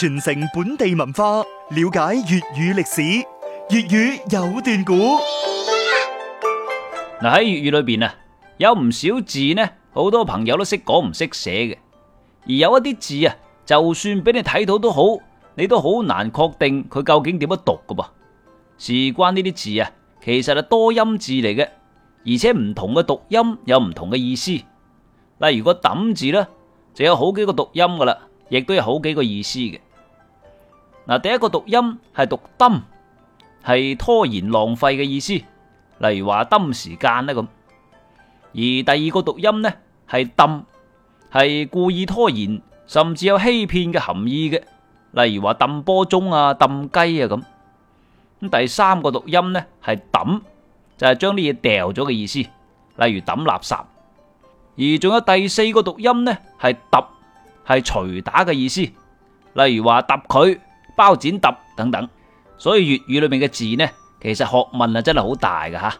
傳承本地文化，了解粵語歷史，粵語有段古。嗱，喺粵語裏邊啊，有唔少字呢，好多朋友都識講唔識寫嘅。而有一啲字啊，就算俾你睇到都好，你都好難確定佢究竟點樣讀噶噃。事關呢啲字啊，其實係多音字嚟嘅，而且唔同嘅讀音有唔同嘅意思。例如個揼字咧，就有好幾個讀音噶啦，亦都有好幾個意思嘅。嗱，第一個讀音係讀“揼”，係拖延浪費嘅意思，例如話揼時間啦咁。而第二個讀音呢，係“揼”，係故意拖延，甚至有欺騙嘅含義嘅，例如話揼波鐘啊、揼雞啊咁。咁第三個讀音呢，係“揼”，就係將啲嘢掉咗嘅意思，例如揼垃圾。而仲有第四個讀音呢，係“揼”，係捶打嘅意思，例如話揼佢。包剪揼等等，所以粵語裏面嘅字呢，其實學問啊真係好大嘅吓。